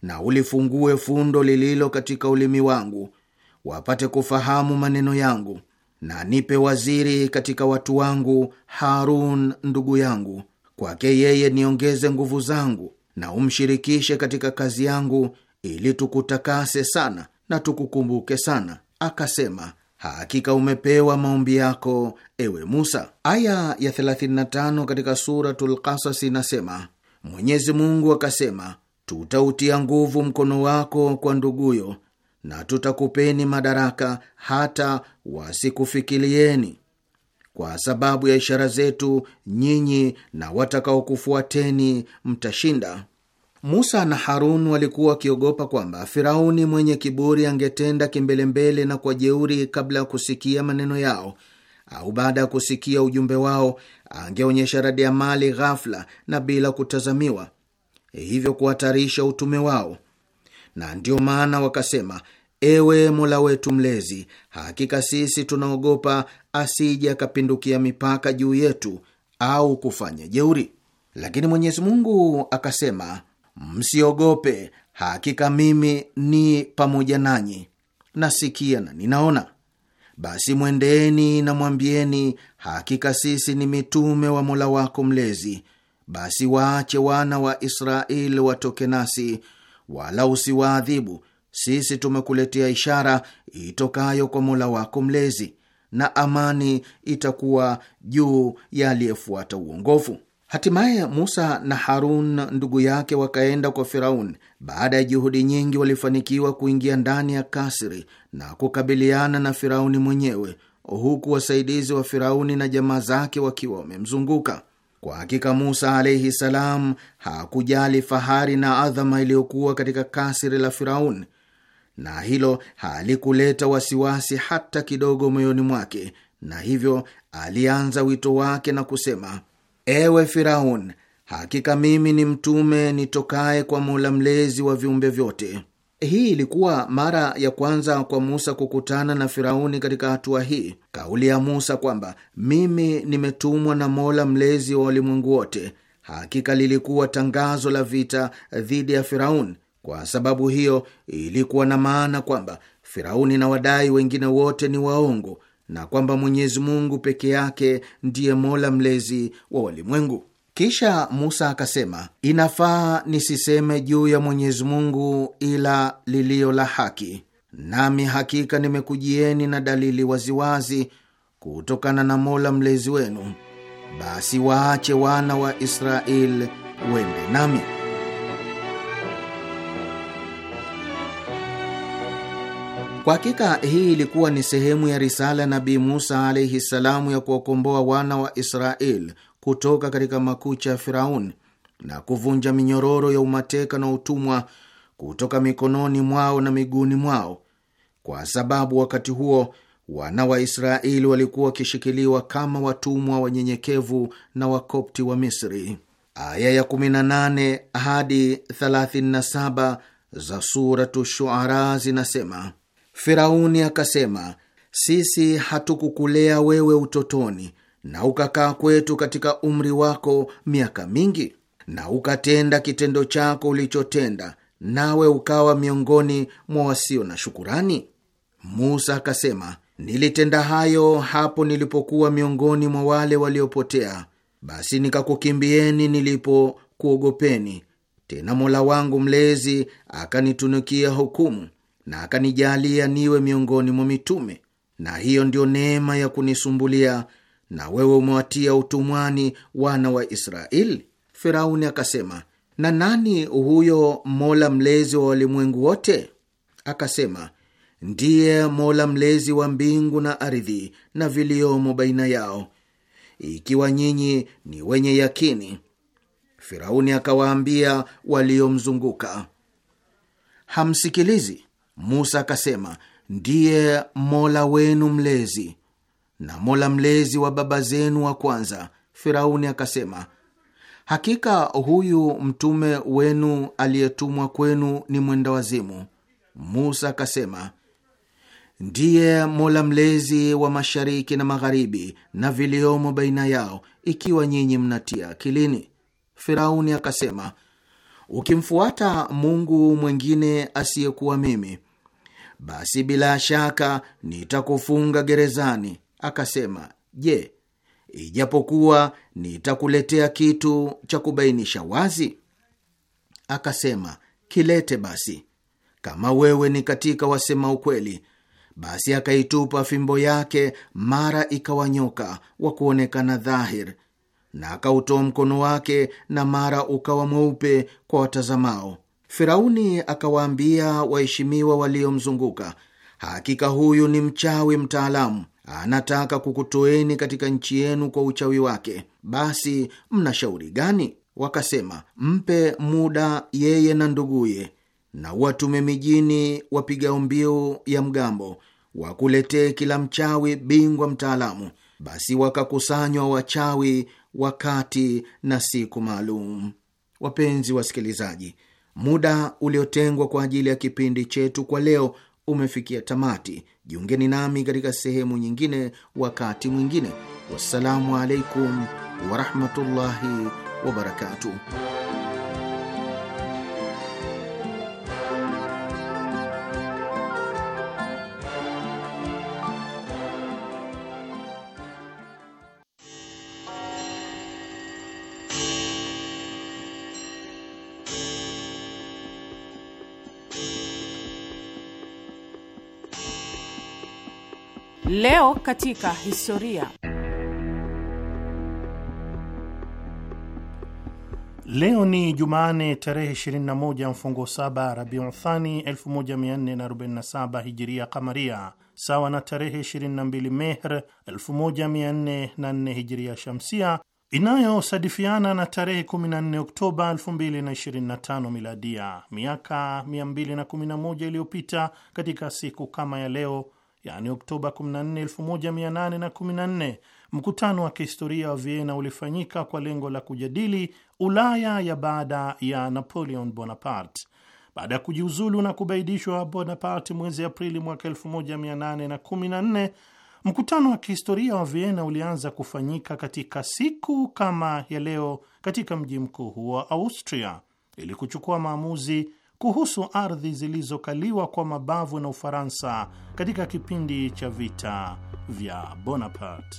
na ulifungue fundo lililo katika ulimi wangu, wapate kufahamu maneno yangu, na nipe waziri katika watu wangu, Harun ndugu yangu, kwake yeye niongeze nguvu zangu, na umshirikishe katika kazi yangu ili tukutakase sana na tukukumbuke sana. Akasema, hakika umepewa maombi yako, ewe Musa. Aya ya 35 katika Suratul kasasi inasema, Mwenyezi Mungu akasema, tutautia nguvu mkono wako kwa nduguyo na tutakupeni madaraka hata wasikufikilieni kwa sababu ya ishara zetu, nyinyi na watakaokufuateni mtashinda. Musa na Harun walikuwa wakiogopa kwamba Firauni mwenye kiburi angetenda kimbelembele na kwa jeuri kabla ya kusikia maneno yao au baada ya kusikia ujumbe wao angeonyesha radi ya mali ghafla na bila kutazamiwa, hivyo kuhatarisha utume wao. Na ndiyo maana wakasema, ewe Mola wetu Mlezi, hakika sisi tunaogopa asije akapindukia mipaka juu yetu au kufanya jeuri. Lakini Mwenyezi Mungu akasema msiogope, hakika mimi ni pamoja nanyi, nasikia na ninaona. Basi mwendeni na mwambieni, hakika sisi ni mitume wa Mola wako Mlezi. Basi waache wana wa Israeli watoke nasi, wala usiwaadhibu. Sisi tumekuletea ishara itokayo kwa Mola wako Mlezi, na amani itakuwa juu ya aliyefuata uongofu. Hatimaye Musa na Harun ndugu yake wakaenda kwa firaun Baada ya juhudi nyingi, walifanikiwa kuingia ndani ya kasri na kukabiliana na Firauni mwenyewe, huku wasaidizi wa Firauni na jamaa zake wakiwa wamemzunguka. Kwa hakika Musa alaihi salam hakujali fahari na adhama iliyokuwa katika kasri la Firauni, na hilo halikuleta wasiwasi hata kidogo moyoni mwake, na hivyo alianza wito wake na kusema Ewe Firaun, hakika mimi ni mtume nitokaye kwa Mola mlezi wa viumbe vyote. Hii ilikuwa mara ya kwanza kwa Musa kukutana na Firauni katika hatua hii. Kauli ya Musa kwamba mimi nimetumwa na Mola mlezi wa walimwengu wote, hakika lilikuwa tangazo la vita dhidi ya Firauni. Kwa sababu hiyo, ilikuwa na maana kwamba Firauni na wadai wengine wote ni waongo na kwamba Mwenyezi Mungu peke yake ndiye mola mlezi wa walimwengu. Kisha Musa akasema, inafaa nisiseme juu ya Mwenyezi Mungu ila liliyo la haki, nami hakika nimekujieni na dalili waziwazi kutokana na mola mlezi wenu, basi waache wana wa Israeli wende nami. Kwa hakika hii ilikuwa ni sehemu ya risala Nabii Musa alaihi salamu ya kuwakomboa wana wa Israel kutoka katika makucha ya Firaun na kuvunja minyororo ya umateka na utumwa kutoka mikononi mwao na miguuni mwao, kwa sababu wakati huo wana wa Israeli walikuwa wakishikiliwa kama watumwa wanyenyekevu na Wakopti wa Misri. Aya ya 18 hadi 37 za Suratu Shuara zinasema Firauni akasema, sisi hatukukulea wewe utotoni na ukakaa kwetu katika umri wako miaka mingi, na ukatenda kitendo chako ulichotenda, nawe ukawa miongoni mwa wasio na shukurani? Musa akasema, nilitenda hayo hapo nilipokuwa miongoni mwa wale waliopotea, basi nikakukimbieni nilipokuogopeni, tena Mola wangu mlezi akanitunukia hukumu na akanijalia niwe miongoni mwa mitume, na hiyo ndiyo neema ya kunisumbulia, na wewe umewatia utumwani wana wa Israeli. Firauni akasema, na nani huyo mola mlezi wa walimwengu wote? Akasema, ndiye mola mlezi wa mbingu na ardhi na viliomo baina yao, ikiwa nyinyi ni wenye yakini. Firauni akawaambia waliomzunguka, hamsikilizi Musa akasema, ndiye Mola wenu mlezi na Mola mlezi wa baba zenu wa kwanza. Firauni akasema, hakika huyu mtume wenu aliyetumwa kwenu ni mwenda wazimu. Musa akasema, ndiye Mola mlezi wa mashariki na magharibi na viliomo baina yao, ikiwa nyinyi mnatia akilini. Firauni akasema ukimfuata Mungu mwingine asiyekuwa mimi, basi bila shaka nitakufunga gerezani. Akasema, Je, ijapokuwa nitakuletea kitu cha kubainisha wazi? Akasema, kilete basi, kama wewe ni katika wasema ukweli. Basi akaitupa fimbo yake, mara ikawanyoka wa kuonekana dhahir na akautoa mkono wake, na mara ukawa mweupe kwa watazamao. Firauni akawaambia waheshimiwa waliomzunguka, hakika huyu ni mchawi mtaalamu, anataka kukutoeni katika nchi yenu kwa uchawi wake. Basi mna shauri gani? Wakasema, mpe muda yeye na nduguye, na watume mijini wapigao mbiu ya mgambo wakuletee kila mchawi bingwa mtaalamu. Basi wakakusanywa wachawi wakati na siku maalum. Wapenzi wasikilizaji, muda uliotengwa kwa ajili ya kipindi chetu kwa leo umefikia tamati. Jiungeni nami katika sehemu nyingine, wakati mwingine. Wassalamu alaikum warahmatullahi wabarakatuh. Leo katika historia. Leo ni Jumane tarehe 21 mfungo saba rabiuthani 1447 hijiria kamaria, sawa na tarehe 22 Mehr 1404 hijiria shamsia inayosadifiana na tarehe 14 Oktoba 2025 miladia. Miaka 211 iliyopita katika siku kama ya leo yani Oktoba 14, 1814 mkutano wa kihistoria wa Vienna ulifanyika kwa lengo la kujadili Ulaya ya baada ya Napoleon Bonaparte. Baada ya kujiuzulu na kubaidishwa Bonaparte mwezi Aprili mwaka 1814, mkutano wa kihistoria wa Vienna ulianza kufanyika katika siku kama ya leo katika mji mkuu huo wa Austria ili kuchukua maamuzi kuhusu ardhi zilizokaliwa kwa mabavu na Ufaransa katika kipindi cha vita vya Bonaparte.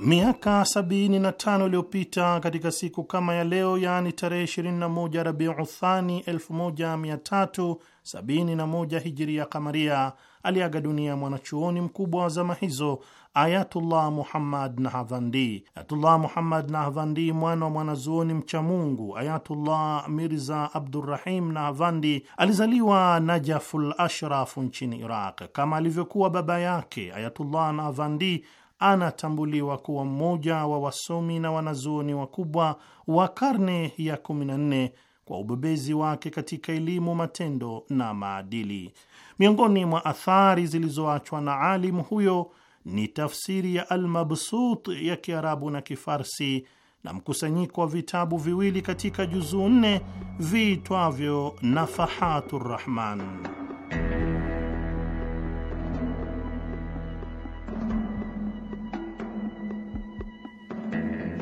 Miaka 75 iliyopita katika siku kama ya leo, yaani tarehe 21 Rabiu Thani 1371 Hijiria Kamaria, aliaga dunia mwanachuoni mkubwa wa zama hizo Ayatullah Muhammad Nahvandi. Ayatullah Muhammad Nahvandi, mwana wa mwanazuoni mcha Mungu Ayatullah Mirza Abdurrahim Nahvandi, alizaliwa Najaful Ashraf nchini Iraq. Kama alivyokuwa baba yake, Ayatullah Nahvandi anatambuliwa kuwa mmoja wa wasomi na wanazuoni wakubwa wa karne ya 14 kwa ubobezi wake katika elimu, matendo na maadili. Miongoni mwa athari zilizoachwa na alimu huyo ni tafsiri ya Almabsut ya Kiarabu na Kifarsi na mkusanyiko wa vitabu viwili katika juzuu nne viitwavyo Nafahatu Rahman.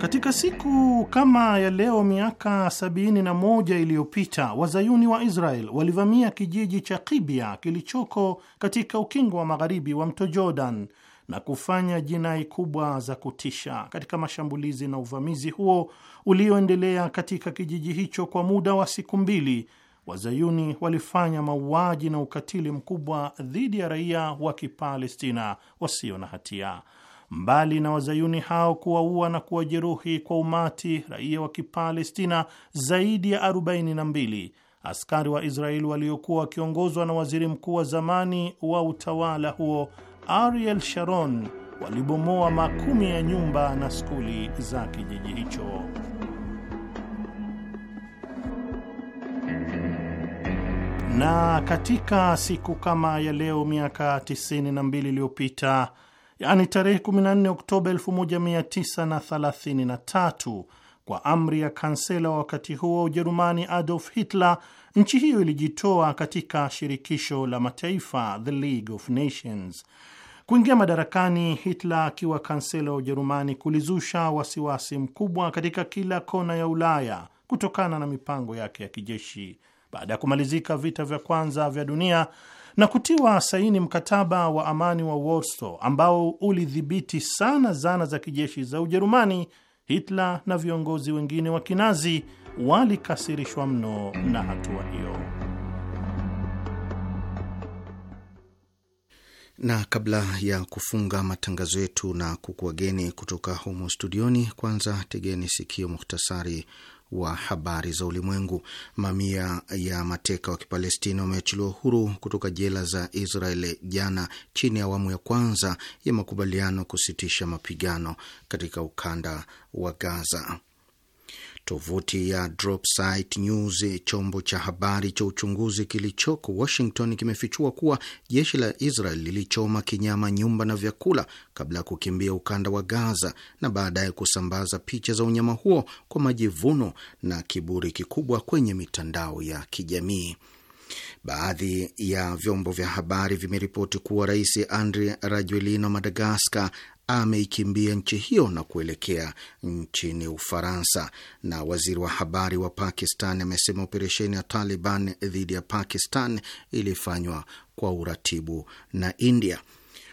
Katika siku kama ya leo miaka 71 iliyopita wazayuni wa Israel walivamia kijiji cha Kibya kilichoko katika ukingo wa magharibi wa mto Jordan na kufanya jinai kubwa za kutisha katika mashambulizi na uvamizi huo ulioendelea katika kijiji hicho kwa muda wa siku mbili. Wazayuni walifanya mauaji na ukatili mkubwa dhidi ya raia wa Kipalestina wasio na hatia. Mbali na wazayuni hao kuwaua na kuwajeruhi kwa umati raia wa Kipalestina zaidi ya 42, askari wa Israeli waliokuwa wakiongozwa na waziri mkuu wa zamani wa utawala huo Ariel Sharon walibomoa makumi ya nyumba na skuli za kijiji hicho. Na katika siku kama ya leo miaka 92 iliyopita, yaani tarehe 14 Oktoba 1933 kwa amri ya kansela wa wakati huo Ujerumani, Adolf Hitler, nchi hiyo ilijitoa katika shirikisho la mataifa, the League of Nations. Kuingia madarakani Hitler akiwa kansela wa Ujerumani kulizusha wasiwasi mkubwa katika kila kona ya Ulaya kutokana na mipango yake ya kijeshi. Baada ya kumalizika vita vya kwanza vya dunia na kutiwa saini mkataba wa amani wa Warsaw ambao ulidhibiti sana zana za kijeshi za Ujerumani Hitler na viongozi wengine wa Kinazi walikasirishwa mno na hatua hiyo. Na kabla ya kufunga matangazo yetu na kukuwageni kutoka humo studioni, kwanza tegeni sikio muhtasari wa habari za ulimwengu. Mamia ya mateka wa Kipalestina wameachiliwa huru kutoka jela za israel jana chini ya awamu ya kwanza ya makubaliano kusitisha mapigano katika ukanda wa Gaza. Tovuti ya Dropsite News, chombo cha habari cha uchunguzi kilichoko Washington, kimefichua kuwa jeshi la Israel lilichoma kinyama nyumba na vyakula kabla ya kukimbia ukanda wa Gaza na baadaye kusambaza picha za unyama huo kwa majivuno na kiburi kikubwa kwenye mitandao ya kijamii. Baadhi ya vyombo vya habari vimeripoti kuwa rais Andry Rajoelina wa Madagaskar ameikimbia nchi hiyo na kuelekea nchini Ufaransa. Na waziri wa habari wa Pakistan amesema operesheni ya Taliban dhidi ya Pakistan ilifanywa kwa uratibu na India.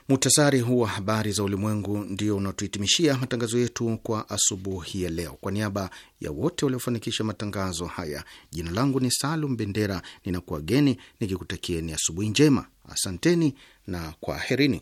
Muhtasari huu wa habari za ulimwengu ndio unaotuhitimishia matangazo yetu kwa asubuhi ya leo. Kwa niaba ya wote waliofanikisha matangazo haya, jina langu ni Salum Bendera, ninakuwageni nikikutakieni asubuhi njema. Asanteni na kwaherini.